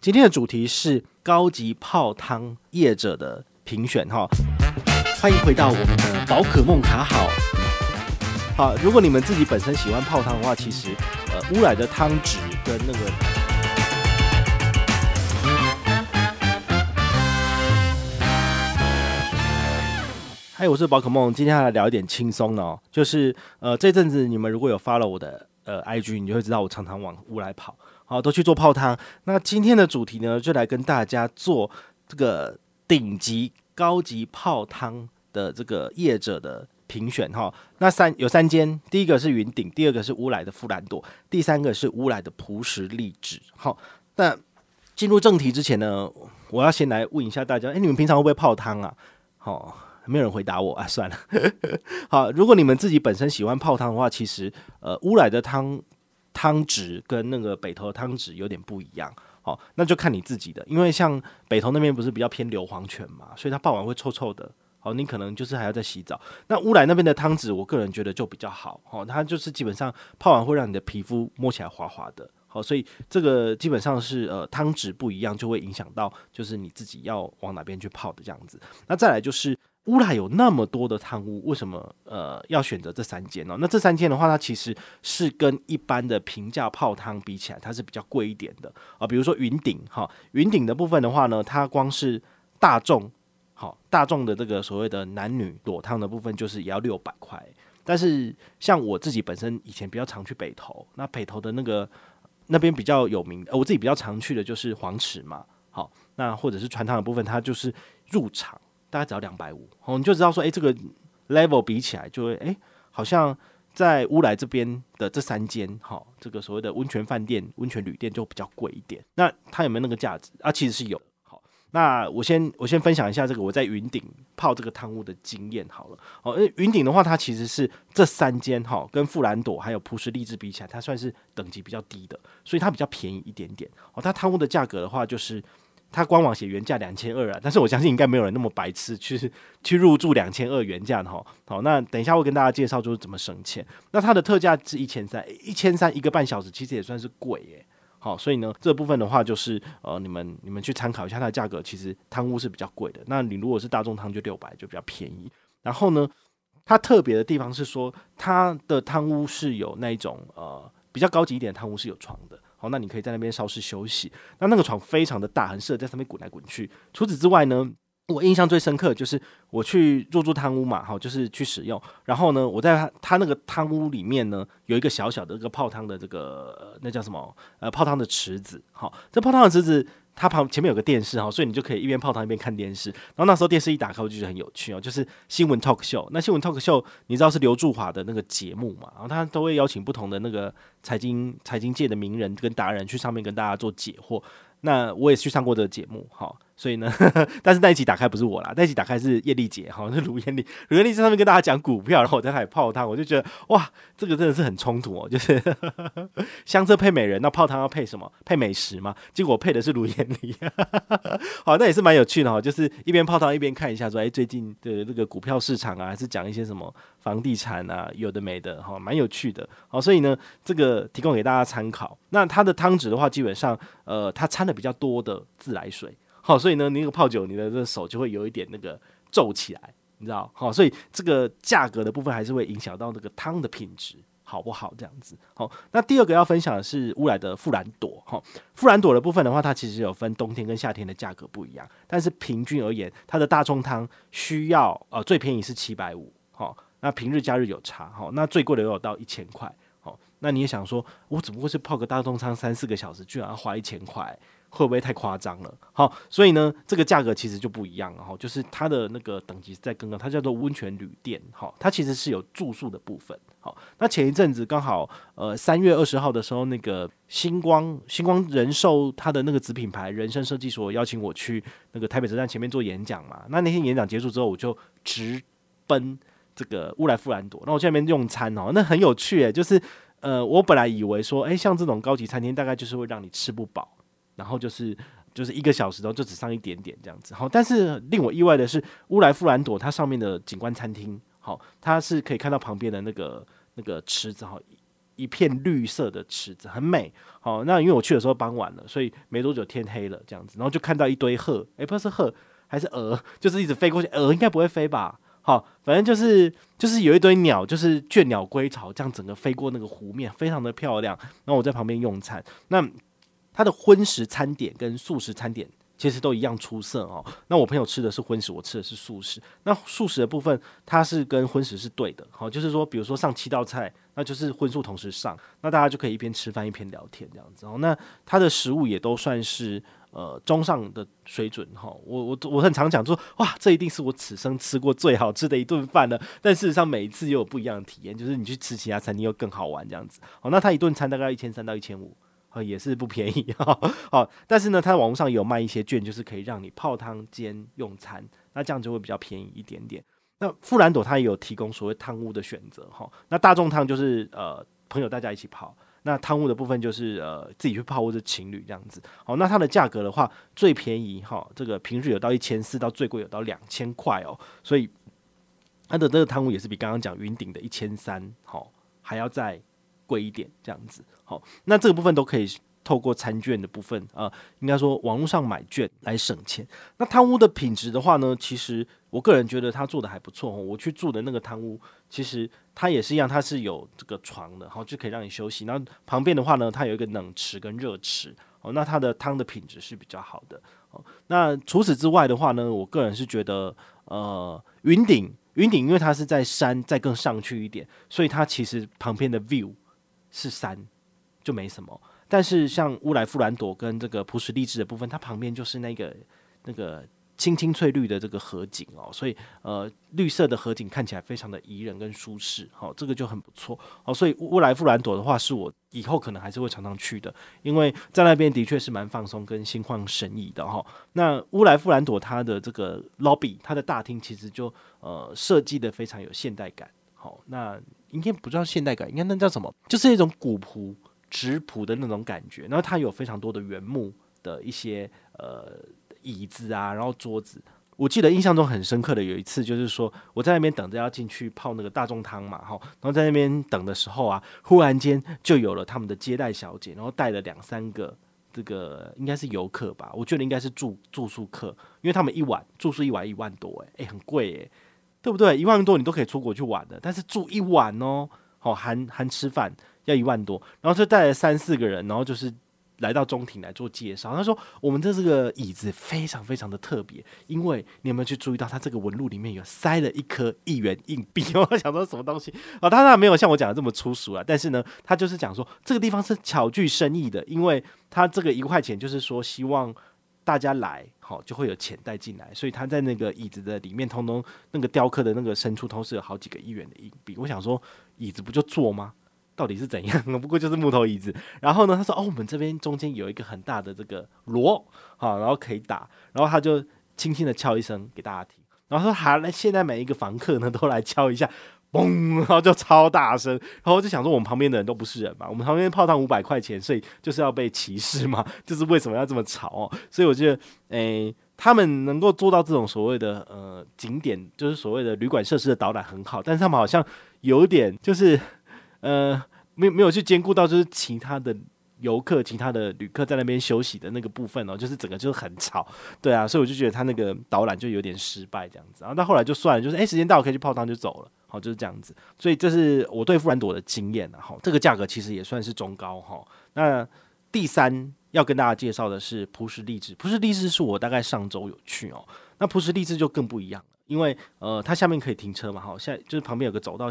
今天的主題是高級泡湯業者的評選，哈、哦，歡迎回到我們的寶可夢卡好、嗯。好，如果你們自己本身喜歡泡湯的話，其實呃，烏來的湯汁跟那個……嗨、嗯，我是寶可夢，今天要來聊一點輕鬆的哦，就是呃，這陣子你們如果有 follow 我的呃 IG，你就會知道我常常往烏來跑。好，都去做泡湯。那今天的主題呢，就來跟大家做這個頂級高級泡湯的這個業者的評選哈、哦。那三有三間，第一個是雲頂，第二個是烏來的馥蘭朵，第三個是烏來的璞石麗緻。好、哦，那進入正題之前呢，我要先來問一下大家，誒，你們平常會不會泡湯啊？好、哦，沒有人回答我啊，算了。 好，如果你們自己本身喜歡泡湯的話，其實呃，烏來的湯。湯質跟那個北投的湯質有點不一樣，好、哦，那就看你自己的，因為像北投那邊不是比較偏硫磺泉嘛，所以它泡完會臭臭的，好、哦，你可能就是還要再洗澡。那烏來那邊的湯質我個人覺得就比較好，哦，它就是基本上泡完會讓你的皮膚摸起來滑滑的，好、哦，所以這個基本上是呃湯質不一樣就會影響到就是你自己要往哪邊去泡的這樣子。那再來就是。烏來有那麼多的湯屋，為什麼呃要選擇這三間呢、哦？那這三間的話，它其實是跟一般的平價泡湯比起來，它是比較貴一點的啊、哦。比如說雲頂哈、哦，雲頂的部分的話呢，它光是大眾好、哦、大眾的這個所謂的男女裸湯的部分，就是也要六百塊。但是像我自己本身以前比較常去北投，那北投的那個那邊比較有名的、呃，我自己比較常去的就是黃池嘛，好、哦、那或者是川湯，湯的部分，它就是入場。大概只要兩百五，你就知道說，誒、欸，這個 level 比起來，就會，誒、欸，好像在烏來這邊的這三間，哈，這個所謂的溫泉飯店、溫泉旅店，就比較貴一點。那它有沒有那個價值啊？其實是有。好，那我先我先分享一下這個我在雲頂泡這個湯屋的經驗好了。哦，雲頂的話，它其實是這三間哈，跟馥蘭朵還有璞石麗緻比起來，它算是等級比較低的，所以它比較便宜一點點。好，它湯屋的價格的話就是。它官網寫原價兩千二啊，但是我相信應該沒有人那麼白痴去去入住兩千二原價的哈。好，那等一下我會跟大家介紹就是怎麼省錢。那它的特價是一千三，一千三一個半小時其實也算是貴誒。好，所以呢這部分的話就是呃你們你們去參考一下它的價格，其實湯屋是比較貴的。那你如果是大眾湯就六百就比較便宜。然後呢，它特別的地方是說它的湯屋是有那種呃比較高級一點的湯屋是有床的。好，那你可以在那邊稍事休息。那那個床非常的大，很適合在上面滾來滾去。除此之外呢，我印象最深刻就是我去入住湯屋嘛，好，就是去使用。然後呢，我在他那個湯屋裡面呢，有一個小小的這個泡湯的這個那叫什麼？呃，泡湯的池子。好，這泡湯的池子。他旁前面有個，電視哈，所以你就可以一邊泡湯一邊看電視。然後那時候電視一打開，我就覺得很有趣哦，就是新聞 talk show。那新聞 talk show 你知道是劉柱華的那個節目嘛？然後他都會邀請不同的那個財經財經界的名人跟達人去上面跟大家做解惑。那我也去上過這個節目哈。所以呢，但是那一集打開不是我啦，那一集打開是葉麗姐好像是盧艷麗，盧艷麗在上面跟大家講股票，然後我在那裡泡湯，我就覺得哇，這個真的是很衝突哦，就是呵呵香車配美人，那泡湯要配什麼？配美食嗎？結果配的是盧艷麗。好，那也是蠻有趣的哦，就是一邊泡湯一邊看一下說，說、欸、哎，最近的這個股票市場啊，還是講一些什麼房地產啊，有的沒的哈，蠻、哦、有趣的。好、哦，所以呢，這個提供給大家參考。那它的湯汁的話，基本上呃，它摻的比較多的自來水。好、哦，所以呢，你那個泡酒，你的這手就會有一點那個皺起來，你知道？哈、哦，所以這個價格的部分還是會影響到那個湯的品質好不好？這樣子。好、哦，那第二個要分享的是烏來的馥蘭朵哈，馥蘭朵的部分的話，它其實有分冬天跟夏天的價格不一樣，但是平均而言，它的大眾湯需要呃最便宜是七百五，哈，那平日假日有差，哈、哦，那最貴的又有到一千塊，好、哦，那你也想說，我只不過是泡個大眾湯三四個小時，居然要花一千塊。會不會太誇張了？好，所以呢，這個價格其實就不一樣了，好，就是它的那個等級在更高，它叫做溫泉旅店，好，它其實是有住宿的部分，好，那前一陣子剛好，呃，三月二十號的時候，那個星光星光人壽它的那個子品牌人生設計所邀請我去那個台北車站前面做演講嘛，那那天演講結束之後，我就直奔這個烏來馥蘭朵，然後我那我在那邊用餐哦，那很有趣誒，就是呃，我本來以為說，哎、欸，像這種高級餐廳大概就是會讓你吃不飽。然後就是就是一個小時後就只上一點點這樣子，然後但是令我意外的是烏來馥蘭朵，它上面的景觀餐廳，好，它是可以看到旁邊的那個那個池子哈，一片綠色的池子很美，好，那因為我去的時候傍晚了，所以沒多久天黑了這樣子，然後就看到一堆鶴，哎、欸、不是鶴還是鵝，就是一直飛過去，鵝應該不會飛吧，好，反正就是就是有一堆鳥，就是倦鳥歸巢這樣整個飛過那個湖面，非常的漂亮，然後我在旁邊用餐那。它的葷食餐點跟素食餐點其實都一樣出色哦。那我朋友吃的是葷食，我吃的是素食。那素食的部分，它是跟葷食是對的。好、哦，就是說，比如說上七道菜，那就是葷素同時上，那大家就可以一邊吃飯一邊聊天這樣子哦。那它的食物也都算是呃中上的水準哈、哦。我我我很常講說，哇，這一定是我此生吃過最好吃的一頓飯了。但事實上，每一次又有不一樣的體驗，就是你去吃其他餐廳又更好玩這樣子。哦，那它一頓餐大概一千三到一千五。啊，也是不便宜哈，但是呢，它在網絡上也有賣一些券，就是可以讓你泡湯兼用餐，那這樣就會比較便宜一點點。那馥蘭朵它也有提供所謂湯屋的選擇哈，那大眾湯就是呃朋友大家一起泡，那湯屋的部分就是呃自己去泡或者情侶這樣子。好，那它的價格的話，最便宜哈，這個平日有到一千四，到最貴有到兩千塊哦，所以它的這個湯屋也是比剛剛講雲頂的一千三好還要再貴一點這樣子好，那這個部分都可以透過餐券的部分啊、呃，應該說網絡上買券來省錢。那湯屋的品質的話呢，其實我個人覺得他做的還不錯。我去住的那個湯屋，其實它也是一樣，它是有這個床的，然後就可以讓你休息。那旁邊的話呢，它有一個冷池跟熱池哦，那它的湯的品質是比較好的。哦，那除此之外的話呢，我個人是覺得呃雲頂雲頂，因為它是在山再更上去一點，所以它其實旁邊的 view。是山，就沒什麼。但是像烏來馥蘭朵跟這個璞石麗緻的部分，它旁邊就是那個那個青青翠綠的這個河景哦，所以呃綠色的河景看起來非常的宜人跟舒適，好、哦，這個就很不錯哦。所以烏來馥蘭朵的話，是我以後可能還是會常常去的，因為在那邊的確是蠻放鬆跟心曠神怡的哈、哦。那烏來馥蘭朵它的這個 lobby，它的大廳其實就呃設計的非常有現代感。好，那應該不叫現代感，應該那叫什麼？就是一種古樸、質樸的那種感覺。然後它有非常多的原木的一些呃椅子啊，然後桌子。我記得印象中很深刻的有一次，就是說我在那邊等着要進去泡那個大眾湯嘛，哈。然後在那邊等的時候啊，忽然間就有了他們的接待小姐，然後帶了兩三個這個應該是遊客吧，我覺得應該是住住宿客，因為他們一晚住宿一晚一萬多、欸，誒，哎，很貴哎、欸。對不對？一萬多你都可以出國去玩的，但是住一晚哦，好含含吃飯要一萬多，然後就帶了三四個人，然後就是來到中庭來做介紹。他說：“我們的這個椅子非常非常的特別，因為你有沒有去注意到，它這個紋路裡面有塞了一顆一元硬幣？我想說什麼東西啊？他那沒有像我講的這麼粗俗啊。但是呢，他就是講說這個地方是巧具深意的，因為他這個一塊錢就是說希望。”大家來好，就會有錢帶進來，所以他在那個椅子的裡面，通通那個雕刻的那個深處，通是有好幾個一元的硬幣。我想說，椅子不就坐嗎？到底是怎樣？不過就是木頭椅子。然後呢，他說：“哦，我們這邊中間有一個很大的這個鑼，好，然後可以打。”然後他就輕輕的敲一聲給大家聽，然後說：“好，那現在每一個房客呢，都來敲一下。”嘣，然後就超大聲，然後就想說我們旁邊的人都不是人嘛，我們旁邊泡湯五百塊錢，所以就是要被歧視嘛，就是為什麼要這麼吵哦？所以我覺得，誒、欸，他們能夠做到這種所謂的呃景點，就是所謂的旅館設施的導覽很好，但是他們好像有點就是呃，沒有沒有去兼顧到就是其他的遊客、其他的旅客在那邊休息的那個部分哦、喔，就是整個就是很吵，對啊，所以我就覺得他那個導覽就有點失敗這樣子，然後到後來就算了，就是哎、欸、時間到，我可以去泡湯就走了。好，就是這樣子，所以這是我對馥蘭朵的經驗啊。好，這個價格其實也算是中高哈。那第三要跟大家介紹的是璞石麗緻，璞石麗緻是我大概上周有去哦。那璞石麗緻就更不一樣了，因為呃，它下面可以停車嘛，好，下就是旁邊有個走道，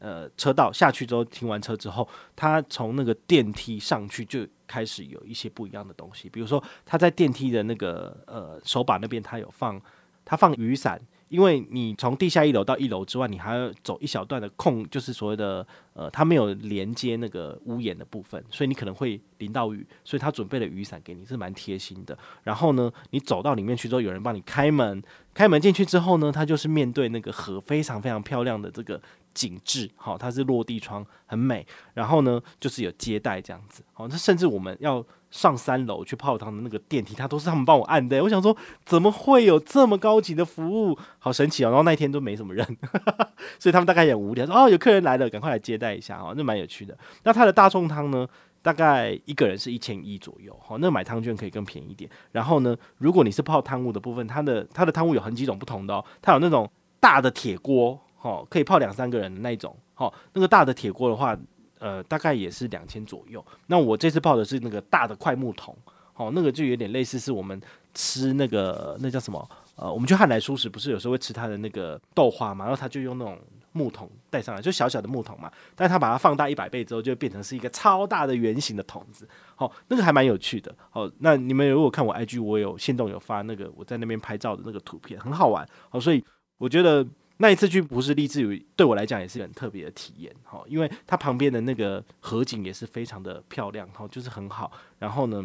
呃，車道下去之後停完車之後，它從那個電梯上去就開始有一些不一樣的東西，比如說它在電梯的那個呃手把那邊，它有放，它放雨傘。因為你從地下一樓到一樓之外，你還要走一小段的空，就是所謂的呃，它沒有連接那個屋檐的部分，所以你可能會淋到雨，所以他準備了雨傘給你是蠻貼心的。然後呢，你走到裡面去之後，有人幫你開門，開門進去之後呢，他就是面對那個河，非常非常漂亮的這個景致，好，它是落地窗，很美。然後呢，就是有接待這樣子，好，那甚至我們要。上三樓去泡湯的那個電梯，他都是他們幫我按的。我想說，怎麼會有這麼高級的服務？好神奇哦、喔！然後那一天都沒什麼人， 所以他們大概也無聊，說哦有客人來了，趕快來接待一下啊、喔，那蠻有趣的。那他的大眾湯呢，大概一個人是一千一左右哈、喔，那個、買湯券可以更便宜一點。然後呢，如果你是泡湯屋的部分，他的他的湯屋有很幾種不同的哦、喔，他有那種大的鐵鍋哈，可以泡兩三個人的那一種哈、喔，那個大的鐵鍋的話。呃，大概也是兩千左右。那我這次泡的是那個大的檜木桶，好、哦，那個就有點類似是我們吃那個那叫什麼？呃，我們去漢來蔬食不是有時候會吃它的那個豆花嘛？然後它就用那種木桶帶上來，就小小的木桶嘛。但是它把它放大一百倍之後，就變成是一個超大的圓形的桶子，好、哦，那個還蠻有趣的。好、哦，那你們如果看我 IG，我有限動有發那個我在那邊拍照的那個圖片，很好玩。好、哦，所以我覺得。那一次去璞石麗緻對我來講也是很特別的體驗哈，因為它旁邊的那個河景也是非常的漂亮哈，就是很好。然後呢，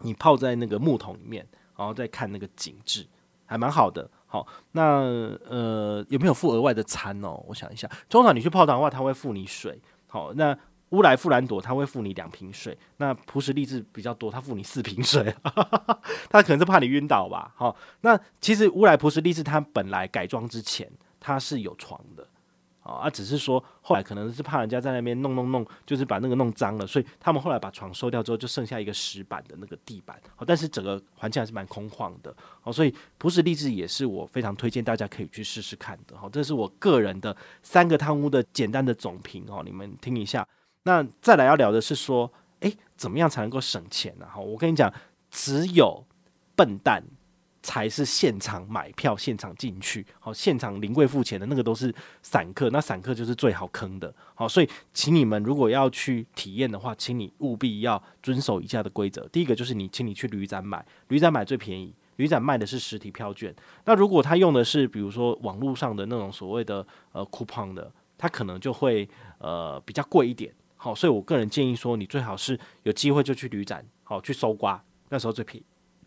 你泡在那個木桶裡面，然後再看那個景致，還蠻好的。好，那呃有沒有付額外的餐哦、喔？我想一下。通常你去泡湯的話，它會付你水。好，那烏來富蘭朵他會付你兩瓶水，那璞石麗緻比較多，他付你四瓶水，他 可能是怕你暈倒吧。好，那其實烏來璞石麗緻他本來改裝之前。它是有床的啊，只是說後來可能是怕人家在那邊弄弄弄，就是把那個弄髒了，所以他們後來把床收掉之後，就剩下一個石板的那個地板。好，但是整個環境還是蠻空曠的哦，所以璞石麗緻也是我非常推薦大家可以去試試看的哈。這是我個人的三個湯屋的簡單的總評哦，你們聽一下。那再來要聊的是說，誒、欸，怎麼樣才能夠省錢呢？哈，我跟你講，只有笨蛋。才是現場買票、現場進去，好，現場臨櫃付錢的那個都是散客，那散客就是最好坑的。好，所以請你們如果要去體驗的話，請你務必要遵守以下的規則：第一個就是你，請你去旅展買，旅展買最便宜，旅展賣的是實體票券。那如果他用的是比如說網絡上的那種所謂的呃 coupon 的，他可能就會呃比較貴一點。好，所以我個人建議說，你最好是有機會就去旅展，好去搜刮那時候最便宜。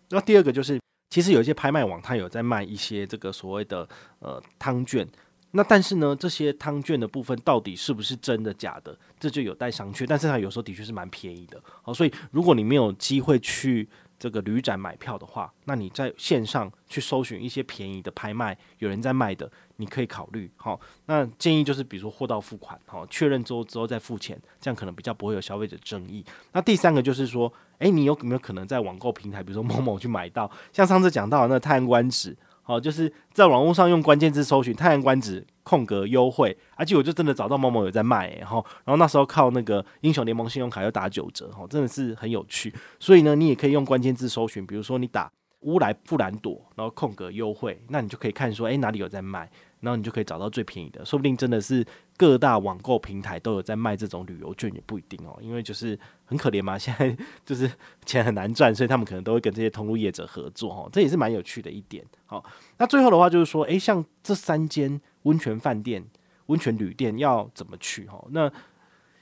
那第二個就是。其實有一些拍賣網，它有在賣一些這個所謂的呃湯券，那但是呢，這些湯券的部分到底是不是真的假的，這就有待商榷。但是它有時候的確是蠻便宜的，好、哦，所以如果你沒有機會去。這個旅展買票的話，那你在線上去搜尋一些便宜的拍賣，有人在賣的，你可以考慮。好，那建議就是，比如說貨到付款，好，確認之後之後再付錢，這樣可能比較不會有消費者爭議。那第三個就是說，哎、欸，你有沒有可能在網購平台，比如說某某去買到，像上次講到的那個泰安觀止。好，就是在網絡上用關鍵字搜尋“太陽光子”空格優惠，而、啊、且我就真的找到某某有在賣、欸，然後，然後那時候靠那個英雄聯盟信用卡又打九折，哈，真的是很有趣。所以呢，你也可以用關鍵字搜尋，比如說你打“烏來馥蘭朵”然後空格優惠，那你就可以看說，哎、欸，哪裡有在賣。然後你就可以找到最便宜的，說不定真的是各大網購平台都有在賣這種旅遊券，也不一定哦。因為就是很可憐嘛，現在就是錢很難賺，所以他們可能都會跟這些通路業者合作哦。這也是蠻有趣的一點。好，那最後的話就是說，哎，像這三間溫泉飯店、溫泉旅店要怎麼去？哦，那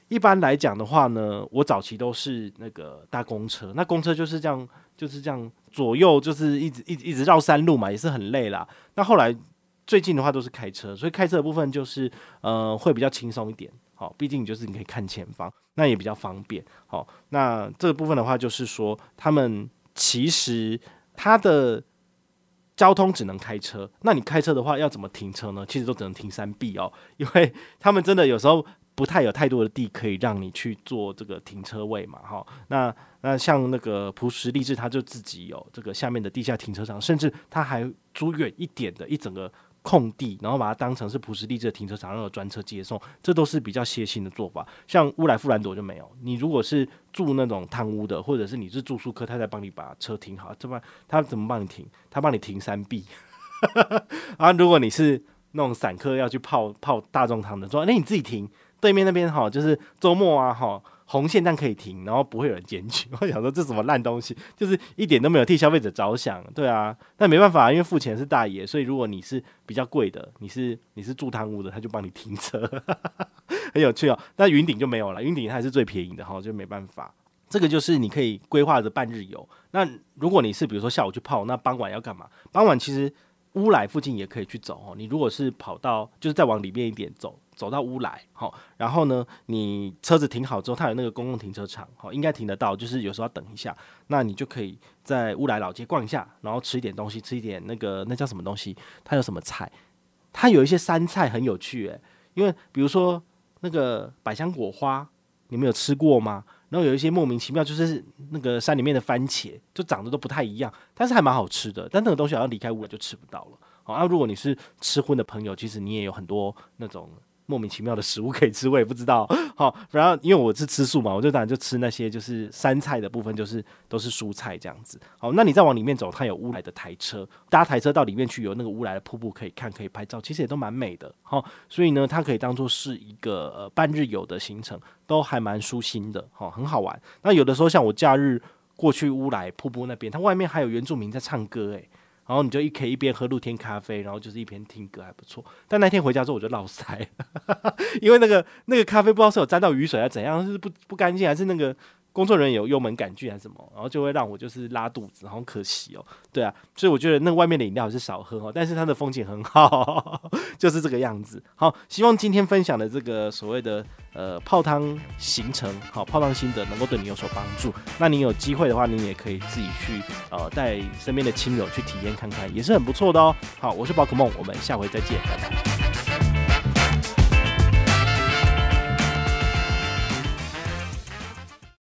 一般來講的話呢，我早期都是那個搭公車，那公車就是這樣，就是這樣左右，就是一直一直一直繞山路嘛，也是很累啦。那後來。最近的話都是開車，所以開車的部分就是，呃，會比較輕鬆一點。好、哦，畢竟就是你可以看前方，那也比較方便。好、哦，那這個部分的話就是說，他們其實他的交通只能開車。那你開車的話要怎麼停車呢？其實都只能停三 B 哦，因為他們真的有時候不太有太多的地可以讓你去做這個停車位嘛。哈、哦，那那像那個璞石麗緻，他就自己有這個下面的地下停車場，甚至他還租遠一點的一整個。空地，然後把它當成是璞石麗緻的停車場，用專車接送，這都是比較貼心的做法。像烏來馥蘭朵就沒有。你如果是住那種湯屋的，或者是你是住宿客，他在幫你把車停好。這幫他怎麼幫你停？他幫你停三 B。 啊，如果你是那種散客要去泡泡大眾湯的，說那你自己停對面那邊哈、哦，就是周末啊哈、哦。紅線但可以停，然後不會有人檢舉。我想說這什麼爛東西，就是一點都沒有替消費者着想對啊，但沒辦法，因為付錢是大爺，所以如果你是比較貴的，你是你是住湯屋的，他就幫你停車， 很有趣哦。那雲頂就沒有了，雲頂它還是最便宜的哈，就沒辦法。這個就是你可以規劃着半日遊。那如果你是比如說下午去泡，那傍晚要幹嘛？傍晚其實。烏來附近也可以去走哦。你如果是跑到，就是再往裡面一點走，走到烏來，好，然後呢，你車子停好之後，它有那個公共停車場，好，應該停得到，就是有時候要等一下，那你就可以在烏來老街逛一下，然後吃一點東西，吃一點那個，那叫什麼東西？它有什麼菜？它有一些山菜很有趣誒，因為比如說那個百香果花，你們有吃過嗎？然後有一些莫名其妙，就是那個山裡面的番茄，就長得都不太一樣，但是還蠻好吃的。但那個東西要離開烏來就吃不到了啊！如果你是吃葷的朋友，其實你也有很多那種。莫名其妙的食物可以吃，我也不知道。好，然後因為我是吃素嘛，我就當然就吃那些就是山菜的部分，就是都是蔬菜這樣子。好，那你再往裡面走，它有烏來的台車，搭台車到裡面去，有那個烏來的瀑布可以看，可以拍照，其實也都蠻美的。好、哦，所以呢，它可以當做是一個、呃、半日遊的行程，都還蠻舒心的。好、哦，很好玩。那有的時候像我假日過去烏來瀑布那邊，它外面還有原住民在唱歌，誒。然後你就一可以一邊喝露天咖啡，然後就是一邊聽歌，還不錯。但那天回家之後我就落賽， 因為那個那個咖啡不知道是有沾到雨水還、啊、是怎樣，是不不乾淨還是那個。工作人員有幽門桿菌還是什麼，然後就會讓我就是拉肚子，好可惜哦。對啊，所以我覺得那個外面的飲料還是少喝哦，但是它的風景很好， 就是這個樣子。好，希望今天分享的這個所謂的呃泡湯行程，好泡湯心得，能夠對你有所幫助。那你有機會的話，你也可以自己去呃帶身邊的親友去體驗看看，也是很不錯的哦。好，我是寶可夢，我們下回再見。拜拜。